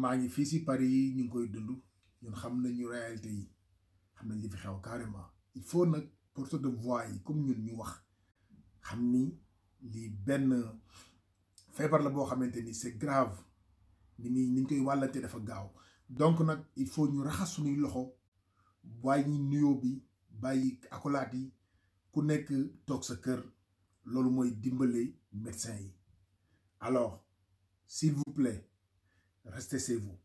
maa ngi fii si Paris yi ñu ngi koy dund ñun xam nañu réalité yi xam nañ li fi xew carrément il faut nag porteur de voix yi comme ñun ñu wax xam ni lii benn feebar la boo xamante ni c'est grave ni muy ni ñu koy wàllante dafa gaaw donc nag il faut ñu raxas suñuy loxo bàyyi nuyoo bi bàyyi akolaat yi ku nekk toog sa kër loolu mooy dimbale médecin yi alors s'il vous plaît Restez chez vous.